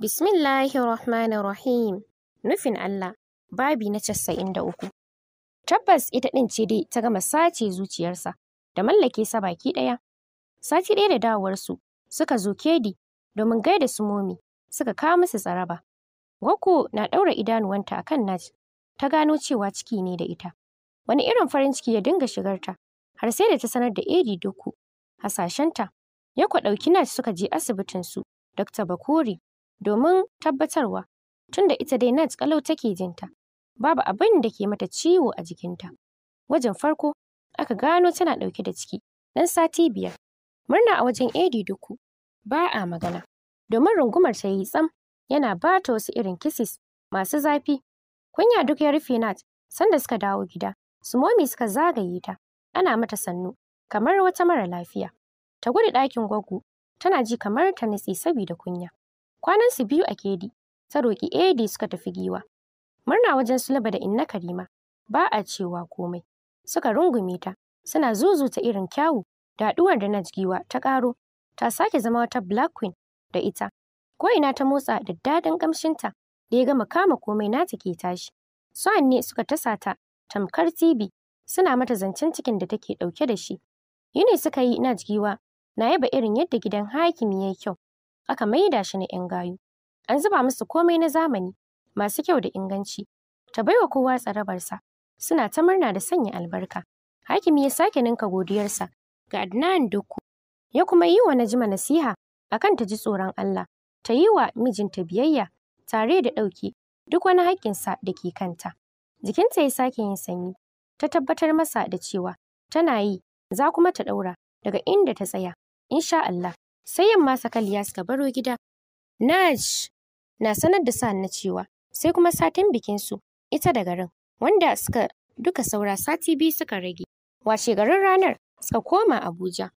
Bismillahirrahmanirrahim. Nufin Allah, babi na casa'in da uku. Tabbas ita ɗin ce dai ta gama sace zuciyarsa da mallake sa baki ɗaya. Sati ɗaya da dawarsu suka zo kedi domin gaida su momi suka kawo musu tsaraba. Gwaggo na ɗaura idanuwanta a kan naji, ta gano cewa ciki ne da ita. Wani irin farin ciki ya dinga shigarta, har sai da ta sanar da Edi Doku, hasashenta. Ya kwa ɗauki suka je asibitinsu, Dr. Bakuri, domin tabbatarwa tunda ita dai Nat kalau take jinta. Babu abin da ke mata ciwo a jikinta. Wajen farko aka gano tana dauke da ciki dan sati biyar. Murna a wajen Edi duku ba a magana domin rungumar ta yi tsam yana ba ta wasu irin kisis masu zafi. Kunya duk ya rufe Nat sanda suka dawo gida. Sumomi suka zagaye ta ana mata sannu kamar wata mara lafiya. Ta gudu ɗakin gwaggo tana ji kamar ta nitsi sabida kunya. kwanan su biyu a Kedi, ta roƙi edi suka tafi Giwa. Murna wajen sulaba da Inna Karima, ba a cewa komai. Suka rungume ta, suna zuzuta irin kyawu da haɗuwar da na Giwa ta ƙaro. Ta sake zama wata Black Queen da ita. Ko ina ta motsa da daɗin ƙamshinta da ya gama kama komai nata ke tashi. Su ne suka tasa ta tamkar tibi suna mata zancen cikin da take ɗauke da shi. Yini suka yi na Giwa na yaba irin yadda gidan hakimi ya yi kyau. aka maida shi na 'yan gayu. An zuba musu komai na zamani, masu kyau da inganci, ta baiwa kowa tsarabarsa, suna ta murna da sanya albarka. Hakimi ya sake ninka godiyarsa ga Adnan Dukku, ya kuma yi wa Najma nasiha akan ta ji tsoron Allah, ta yi wa mijinta biyayya tare da ɗauke duk wani haƙƙinsa da ke kanta. Jikinta ya sake yin sanyi, ta tabbatar masa da cewa tana yi, za kuma ta ɗaura daga inda ta tsaya, insha Allah. Sai yamma sakaliya suka baro gida. Naj na sanar da sa'an na cewa sai kuma satin bikinsu ita da garin wanda suka duka saura sati biyu suka rage. Washe garin ranar suka koma Abuja.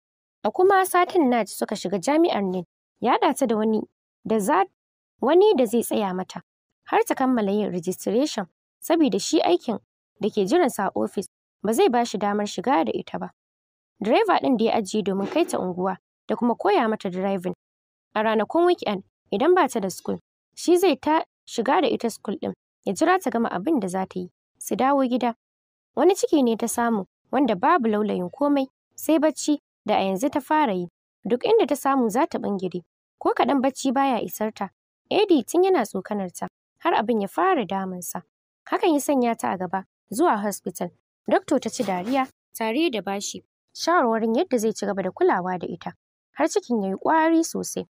A kuma satin Naj suka shiga jami'ar Nin ya ta da wani da za wani da zai tsaya mata har ta kammala yin registration saboda shi aikin da ke jiransa a ofis ba zai ba shi damar shiga da ita ba. Direba ɗin da ya ajiye domin kai ta unguwa da kuma koya mata driving. A ranakun weekend idan ba ta da school, shi zai ta shiga da ita school ɗin ya jira ta gama abin da za ta yi, su dawo gida. Wani ciki ne ta samu wanda babu laulayin komai sai bacci da a yanzu ta fara yi. Duk inda ta samu za ta bangire, ko kaɗan bacci baya isar ta. Eddie tun yana tsokanar ta har abin ya fara damunsa. Hakan ya sanya ta a gaba zuwa hospital. Dokto ta ci dariya tare da bashi shawarwarin yadda zai ci gaba da kulawa da ita. har cikin ya yi ƙwari sosai.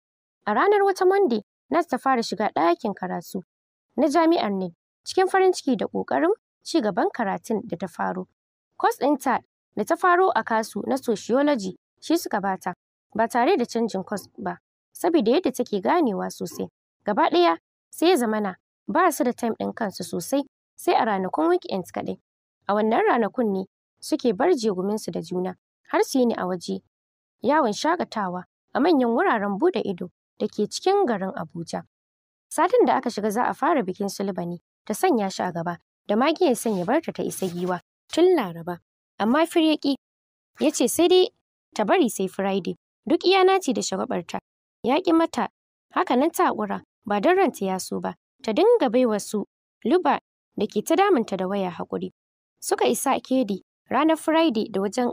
A ranar wata Monday, nas ta fara shiga ɗakin karatu na jami'ar ne cikin farin ciki da ƙoƙarin ci gaban karatun da ta faro. Kwas ɗinta da ta faro a kasu na sociology shi suka bata ba tare da canjin kwas ba saboda yadda take ganewa sosai. Gaba ɗaya sai ya zamana ba su da time ɗin kansu sosai sai a ranakun weekend kaɗai. A wannan ranakun ne suke bar jeguminsu da juna har su yi ni a waje yawon shaƙatawa a manyan wuraren buɗe ido da ke cikin garin Abuja. Satin da aka shiga za a fara bikin Sulba ne ta sanya shi a gaba da Magi ya sanya barta ta isa giwa tun Laraba. Amma Firyaki ya ce sai dai ta bari sai Friday duk iya naci da shagabarta ya ƙi mata haka nan ta haƙura ba don ranta ya so ba ta dinga baiwa su luba da ke ta damunta da waya haƙuri. Suka isa kedi ranar Friday da wajen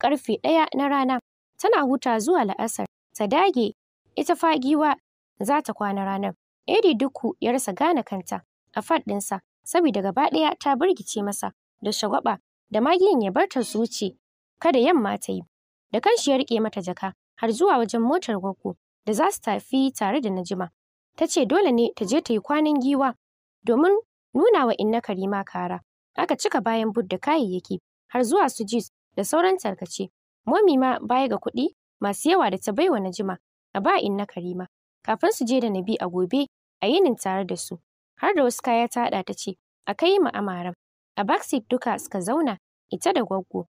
ƙarfe ɗaya na rana tana huta zuwa la'asar ta dage ita fa giwa za ta kwana ranar edi duku ya rasa gane kanta a faɗinsa saboda gaba ɗaya ta birgice masa da shagwaba da magiyan ya bar ta wuce, kada yamma ta yi da kanshi ya riƙe mata jaka har zuwa wajen motar gwaggo da za su tafi tare da najima ta ce dole ne ta je ta yi kwanan giwa domin nuna wa inna karima kara aka cika bayan budda kayayyaki har zuwa su jis da sauran tarkace Momi ma baya ga kuɗi masu yawa da ta baiwa Najima a ba inna Karima kafin su je da Nabi a gobe a yinin tare da su har da wasu kaya ta haɗa ta ce a kai ma amaran. a backseat duka suka zauna ita da gwaggo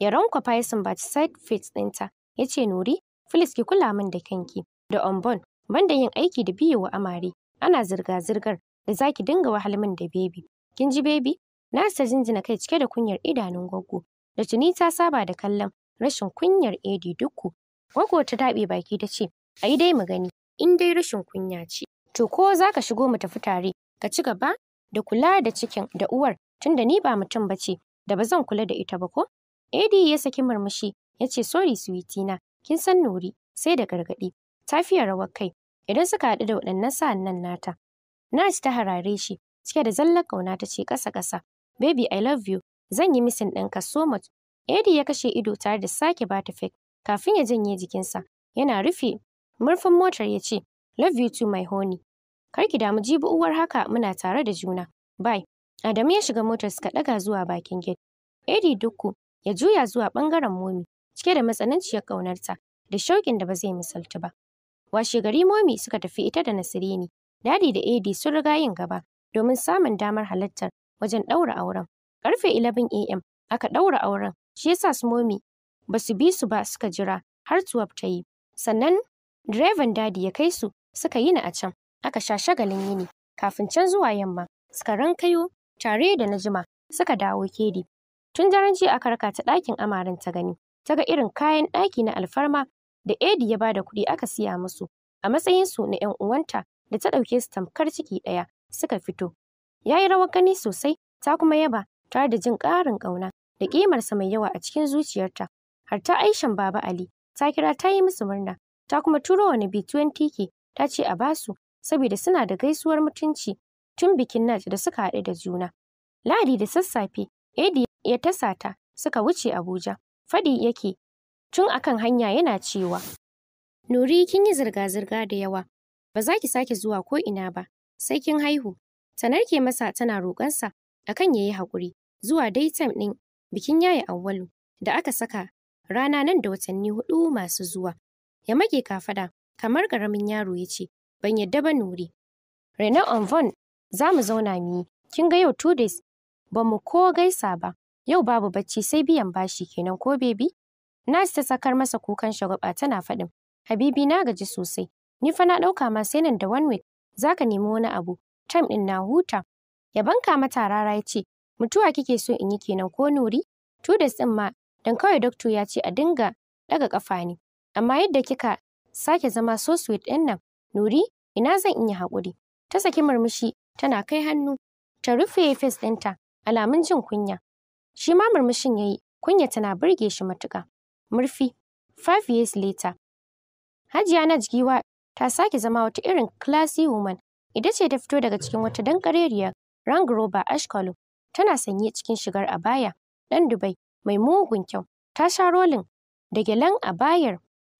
Yaron kwafa ya sumbaci side face ɗinta ya ce Nuri Filis ki kula min da kanki da Ombon banda yin aiki da wa amare ana zirga-zirgar da zaki dinga wahal min da bebi kin ji bebi na sa jinjina kai cike da kunyar idanun gwaggo da tuni ta saba da kallon rashin kunyar Edi ku. Gwaggo ta taɓe baki ta ce, a yi dai mu gani, in dai rashin kunya ce. To ko za ka shigo mu tafi tare, ka ci gaba da kula da cikin da uwar tunda ni ba mutum ba ce da ba zan kula da ita ba ko?" edi ya saki murmushi ya ce, "Sorry sweetie na, kin san Nuri sai da gargaɗi." Ta rawar kai idan suka haɗu da waɗannan sa'an nan nata. Nurse ta harare shi cike da zallar ƙauna ta ce ƙasa-ƙasa, "Baby I love you, zan yi misin ɗinka so much Eddie ya kashe ido tare da sake bata fake kafin ya janye jikinsa. Yana rufe murfin motar ya ce, Love you too my honey. Kar ki damu jibi uwar haka muna tare da juna. Bye. Adamu ya shiga motar suka daga zuwa bakin gate. Eddie Dukku ya juya zuwa bangaren Momi cike da matsananciyar ƙaunarta da shauƙin da ba zai misaltu ba. Washe gari Momi suka tafi ita da Nasirini. Dadi da Eddie sun riga yin gaba domin samun damar halartar wajen ɗaura auren. Karfe 11 AM aka ɗaura auren Shi yasa Smomi ba su bi su ba suka jira har 12 ta yi. Sannan direban dadi ya kai su suka yi ni a can aka sha shagalin yini kafin can zuwa yamma suka rankayo tare da najima suka dawo kedi. Tun daren jiya aka raka ta ɗakin amarinta ta gani ta ga irin kayan ɗaki na alfarma da Edi ya bada kuɗi aka siya musu a matsayin su na 'yan uwanta da ta ɗauke su tamkar ciki ɗaya suka fito. Ya yi rawar gani sosai ta kuma yaba tare da jin ƙarin ƙauna da ƙimarsa mai yawa a cikin zuciyarta. Har ta Aishan Baba Ali ta kira ta yi musu murna, ta kuma turo wa Nabi 20 ta ce a ba su, saboda suna da gaisuwar mutunci tun bikin Nat da suka haɗu da juna. Ladi da sassafe, Edi ya tasa ta suka wuce Abuja. Fadi yake tun akan hanya yana cewa, Nuri kin yi zirga-zirga da yawa, ba za ki sake zuwa ko ina ba, sai kin haihu. Ta ke masa tana roƙonsa akan ya yi haƙuri zuwa dai ɗin bikin yaye awwalu da aka saka rana nan da watanni hudu masu zuwa. Ya mage kafada kamar garamin yaro ya ce, ban yadda ba nuri. Rene Onvon za mu zauna mu kin ga yau two days ba mu ko gaisa ba, yau babu bacci sai biyan bashi kenan ko bebi? Nasi ta sakar masa kukan shagwaba tana faɗin, Habibi na gaji sosai, ni fa na ɗauka ma sai nan da one week za ka nemi wani abu, time ɗin na huta. Ya banka mata rara ya ce, mutuwa kike so in yi kenan ko nuri tudas da ma dan kawai doctor ya ce a dinga daga kafa ne amma yadda kika sake zama so sweet ɗin nan nuri ina zan iya haƙuri ta saki murmushi tana kai hannu ta rufe face ɗinta alamun jin kunya shi ma murmushin yayi kunya tana burge shi matuka. murfi five years later hajiya na jigiwa ta sake zama wata irin classy woman ita ce ta fito daga cikin wata dankareriyar rangroba ashkalu tana sanye cikin shigar abaya ɗan Dubai mai mugun kyau. Ta sha rolin da gyalen abayar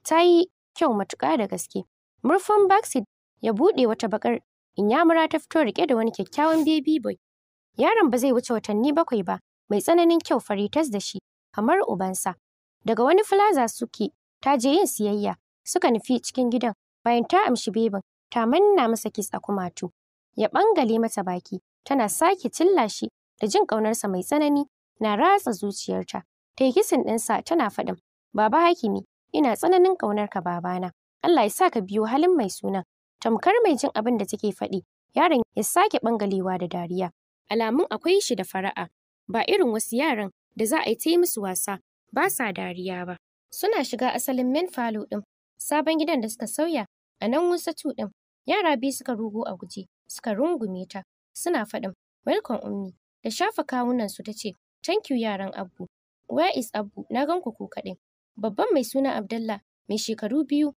ta yi kyau matuƙa da gaske. Murfin backseat ya buɗe wata bakar inyamura ta fito riƙe da wani kyakkyawan baby boy. Yaron ba zai wuce watanni bakwai ba, mai tsananin kyau fari tas da shi, kamar ubansa. Daga wani fulaza suke, ta je yin siyayya, suka nufi cikin gidan bayan ta amshi bebin, ta manna masa kitsa kumatu. Ya ɓangale mata baki, tana sake cilla shi da jin ƙaunarsa mai tsanani na ratsa zuciyarta. Ta yi kisan ɗinsa tana faɗin, Baba Hakimi, ina tsananin ƙaunarka babana. Allah ya sa ka biyo halin mai suna. Tamkar mai jin abin da take faɗi, yaron ya sake ɓangalewa da dariya. Alamun akwai shi da fara'a, ba irin wasu yaran da za a yi ta yi musu wasa, ba sa dariya ba. Suna shiga asalin men falo ɗin, sabon gidan da suka sauya a nan tu ɗin. Yara biyu suka rugo a guje, suka rungume ta, suna faɗin, Welcome Ummi, da shafa kawunansu ta ce, Thank you yaran Abbu. Where is Abbu? Na gan ku ku kaɗai. Babban mai suna Abdallah, mai shekaru biyu,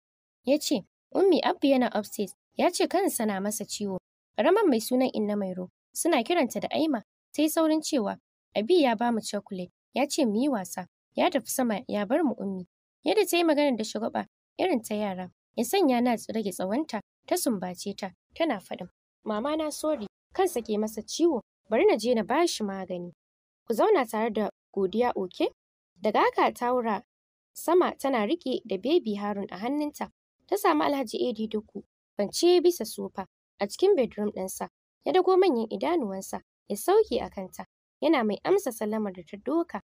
ya ce, Ummi Abbu yana upstairs, ya ce kansa na masa ciwo. Raman mai sunan Inna Mairo, suna kiranta da Aima, ta saurin cewa, Abi ya ba mu chocolate, ya ce mu yi wasa, ya tafi sama ya bar mu Ummi. Yadda ta yi maganar da shagwaba, irin ta yara, ya sanya na rage tsawonta, ta sumbace ta, tana faɗin. Mama na sori, kansa ke masa ciwo, bari na je na ba shi magani. Ku zauna tare da Godiya Oke. Daga haka taura sama tana riƙe da bebi Harun a hannunta. Ta samu Alhaji Edi Duku kwance bisa sofa a cikin bedroom ɗinsa. Ya dago manyan idanuwansa ya sauke a kanta. Yana mai amsa salamar da ta doka.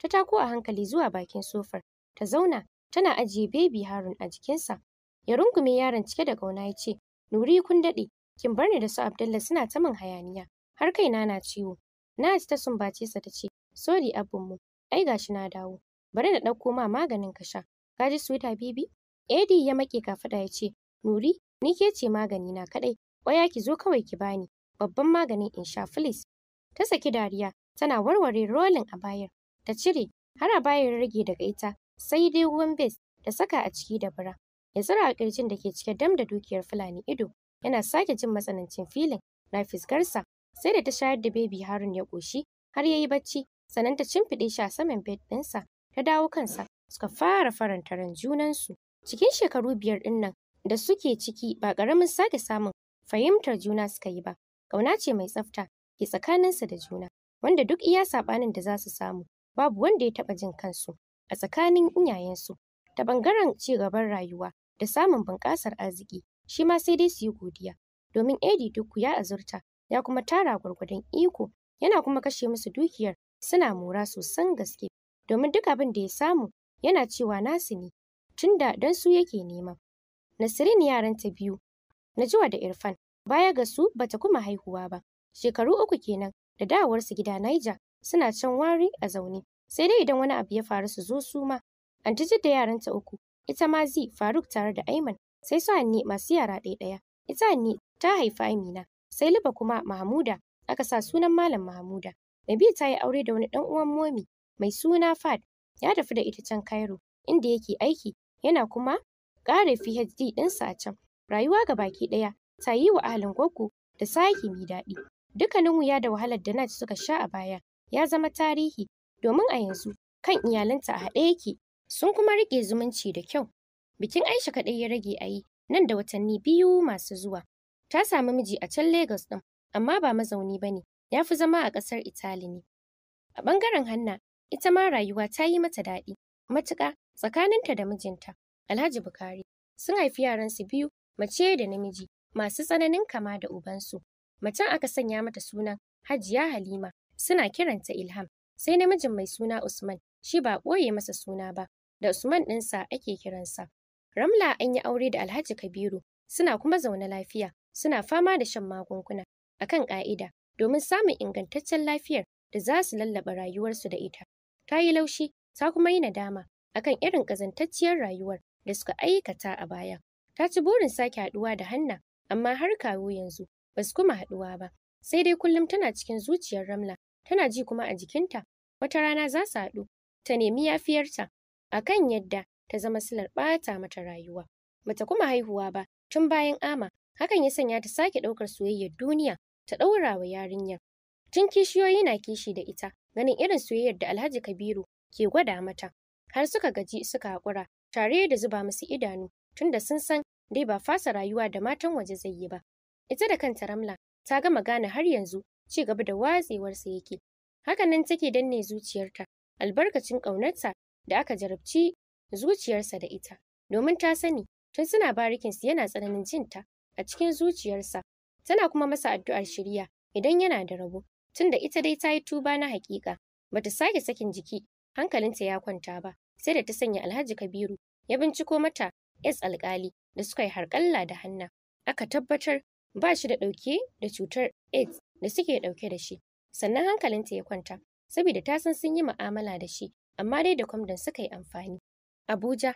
Ta tako a hankali zuwa bakin sofar. Ta zauna tana ajiye bebi Harun a jikinsa. Ya rungume yaron cike da ƙauna ya ce, Nuri kun daɗe, kin bar ni da su Abdullahi suna ta min hayaniya. har kaina na ciwo. ji ta sumbace sa ta ce, Sori abinmu, ai gashi na dawo, bari na ɗauko ma maganin ka sha. Ka ji suwita bibi? Edi ya maƙe kafaɗa ya ce, Nuri, ni ke ce magani na kaɗai, ƙwaya ki zo kawai ki bani, babban maganin in sha filis. Ta saki dariya, tana warware rolin a bayar, ta cire, har a bayar rage daga ita, sai dai ruwan bes Ta saka a ciki da bura. Ya tsira a ƙirjin da ke cike dam da dukiyar Fulani ido, yana sake jin matsanancin filin na fiskarsa sai da ta shayar da bebi harun ya ƙoshi har ya yi bacci sannan ta cimfiɗe shi a saman bed ɗinsa ta dawo kansa suka fara faranta ran junansu cikin shekaru biyar ɗin da suke ciki ba ƙaramin sake samun fahimtar juna suka yi ba ƙauna ce mai tsafta ke tsakaninsa da juna wanda duk iya saɓanin da za su samu babu wanda ya taɓa jin kansu a tsakanin iyayensu ta ɓangaren ci gaban rayuwa da samun bunƙasar arziki shi ma sai dai su yi godiya domin Edi Duku ya azurta ya kuma tara gwargwadon iko yana kuma kashe musu dukiyar suna mora sosan gaske domin duk abin da ya samu yana cewa nasu ne tunda don su yake nema. Nasirin yaranta biyu, jiwa da Irfan, baya ga su bata kuma haihuwa ba. Shekaru uku kenan da dawarsu gida naija, suna can wari a zaune. Sai dai idan wani abu ya faru su zo su ma. Anti da yaranta uku, ita ma Zi Faruk tare da Aiman, sai su Hanni masu yara ɗaya ɗaya. Ita Hanni ta haifi Amina, sai Luba kuma Mahmuda aka sa sunan Malam Mahmuda. Nabi ta yi aure da wani ɗan uwan Momi mai suna Fad ya tafi da ita can Cairo inda yake aiki yana kuma ƙara PhD ɗinsa a can. Rayuwa ga baki ɗaya ta yi wa ahalin gwaggo da sahi mai daɗi. Dukkanin wuya da wahalar da Nat suka sha a baya ya zama tarihi domin a yanzu kan iyalanta a haɗe yake sun kuma riƙe zumunci da kyau. Bikin Aisha kaɗai ya rage a yi nan da watanni biyu masu zuwa. Ta samu miji a can Legas ɗin, amma ba mazauni ba ne, ya fi zama a ƙasar Itali ne. A ɓangaren Hanna, ita ma rayuwa ta yi mata daɗi, matuƙa tsakaninta da mijinta, Alhaji Bukari. Sun haifi yaransu biyu, mace da namiji, masu tsananin kama da ubansu. Macen aka sanya mata sunan Hajiya Halima, suna kiranta Ilham. Sai namijin mai suna Usman, shi ba ɓoye masa suna ba, da Usman ɗinsa ake kiransa. Ramla an yi aure da Alhaji Kabiru, suna kuma zaune lafiya, suna fama da shan magunguna a kan ƙa'ida domin samun ingantaccen lafiyar da za su lallaba rayuwarsu da ita. Ta yi laushi ta kuma yi nadama a kan irin ƙazantacciyar rayuwar da suka aikata a baya. Ta ci burin sake haɗuwa da Hanna amma har kawo yanzu ba su kuma haɗuwa ba. Sai dai kullum tana cikin zuciyar Ramla tana ji kuma a jikinta wata rana za su haɗu ta nemi yafiyarta a kan yadda ta zama silar ɓata mata rayuwa. Bata kuma haihuwa ba tun bayan ama Hakan ya sanya ta sake ɗaukar soyayyar duniya ta ɗaura wa yarinyar. Tun kishiyoyi na kishi da ita, ganin irin soyayyar da Alhaji Kabiru ke gwada mata. Har suka gaji suka haƙura, tare da zuba musu idanu, tun da sun san dai ba fasa rayuwa da matan waje zai yi ba. Ita da kanta Ramla ta gama gane har yanzu ci gaba da watsewarsa yake. Hakan nan take danne zuciyarta, albarkacin ƙaunarta da aka jarabci zuciyarsa da ita, domin ta sani tun suna barikinsu yana tsananin jinta a cikin zuciyarsa, tana kuma masa addu'ar shirya idan yana da rabo, tunda ita dai ta yi tuba na haƙiƙa, bata sake sakin jiki, hankalinta ya kwanta ba, sai da ta sanya Alhaji Kabiru ya binciko mata S alƙali da suka yi harƙalla da hanna. Aka tabbatar ba shi da ɗauke da cutar AIDS da suke ɗauke da shi, sannan hankalinta ya kwanta, saboda ta san sun yi mu'amala da shi, amma dai da kwamdan suka yi amfani. Abuja,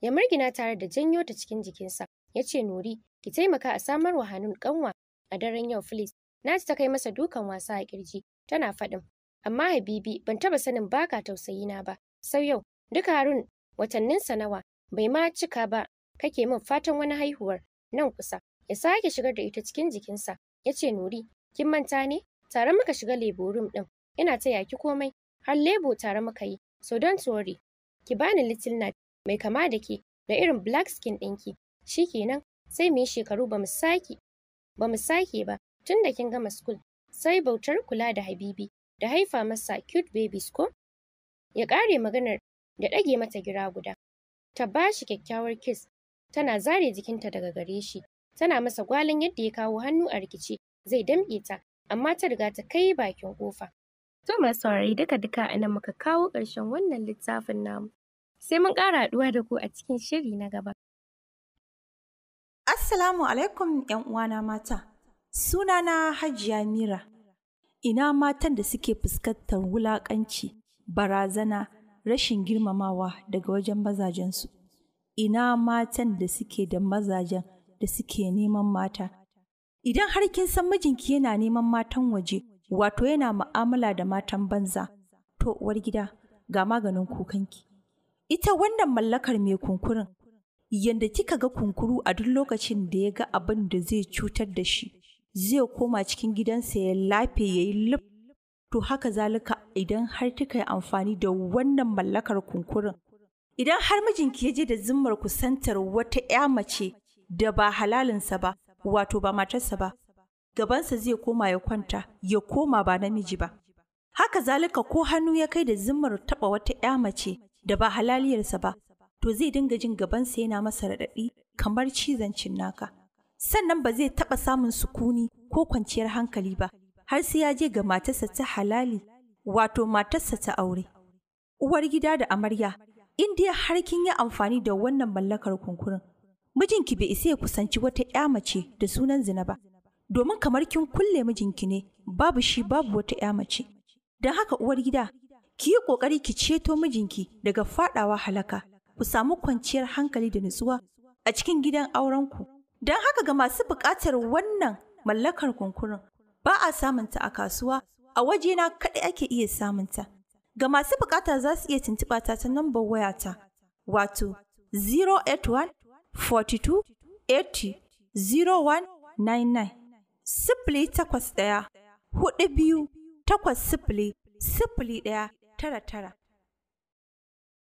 ya murgina tare da janyo ta cikin jikinsa, ya ce Nuri, ki taimaka a samar wa hannun kanwa a daren yau filis. Na ta kai masa dukan wasa a kirji, tana faɗin. Amma Habibi, ban taɓa sanin baka tausayi na ba. Sau yau, duka Harun watanninsa nawa, bai ma cika ba, kake min fatan wani haihuwar nan kusa. Ya sake shigar da ita cikin jikinsa, ya ce Nuri, kin manta ne? Tare muka shiga lebo rum ɗin, ina ta yaki komai, har lebo tare muka yi, so don tsori. Ki bani little nut mai kama da ke da irin black skin ɗinki, shikenan sai mu yi shekaru ba mu sake ba mu sake ba tun da kin gama school sai bautar kula da Habibi da haifa masa cute babies ko ya ƙare maganar da ɗage mata gira guda ta ba shi kyakkyawar kiss tana zare jikinta daga gare shi tana masa gwalin yadda ya kawo hannu a rikice zai damƙe ta amma ta riga ta kai bakin kofa to masu saurari duka duka a nan muka kawo ƙarshen wannan littafin namu sai mun ƙara haɗuwa da ku a cikin shiri na gaba Assalamu alaikum ‘yan uwana mata, sunana Hajiya Mira, ina matan da suke fuskantar wulaƙanci, barazana, rashin girmamawa daga wajen mazajensu, ina matan da suke da mazajen da suke neman mata. Idan har kin san mijinki yana neman matan waje, wato yana ma'amala da matan banza, to uwar gida ga maganin kukanki. Ita wannan mallakar mai kunkurin yanda kika ga kunkuru a duk lokacin da ya ga abin da zai cutar da shi zai koma cikin gidansa ya lafe ya yi lif to haka zalika idan har kika yi amfani da wannan mallakar kunkurin idan har mijinki ya je da zimmar kusantar wata ya mace da ba halalinsa ba wato ba matarsa ba gabansa zai koma ya kwanta ya koma ba namiji ba haka zalika ko hannu ya kai da zimmar taba wata ya mace da ba halaliyarsa ba to zai dinga jin gabansa yana masa raɗaɗi kamar cizon naka. Sannan ba zai taɓa samun sukuni ko kwanciyar hankali ba, har sai ya je ga matarsa ta halali, wato matarsa ta aure. Uwar gida da amarya, in dai har kin yi amfani da wannan mallakar kunkurin, mijinki bai isa ya kusanci wata ƴa mace da sunan zina ba, domin kamar kin kulle mijinki ne babu shi babu wata ƴa mace. Don haka uwar gida, ki yi ƙoƙari ki ceto mijinki daga faɗawa halaka. ku samu kwanciyar hankali da nutsuwa a cikin gidan aurenku. Don haka ga masu buƙatar wannan mallakar kunkurin ba a samunta a kasuwa a waje na kaɗai ake iya samunta. Ga masu buƙata za su iya tuntuɓa ta ta nambar wayata wato 081 42 80 0199 sifili takwas ɗaya hudu biyu takwas sifili sifili ɗaya tara tara.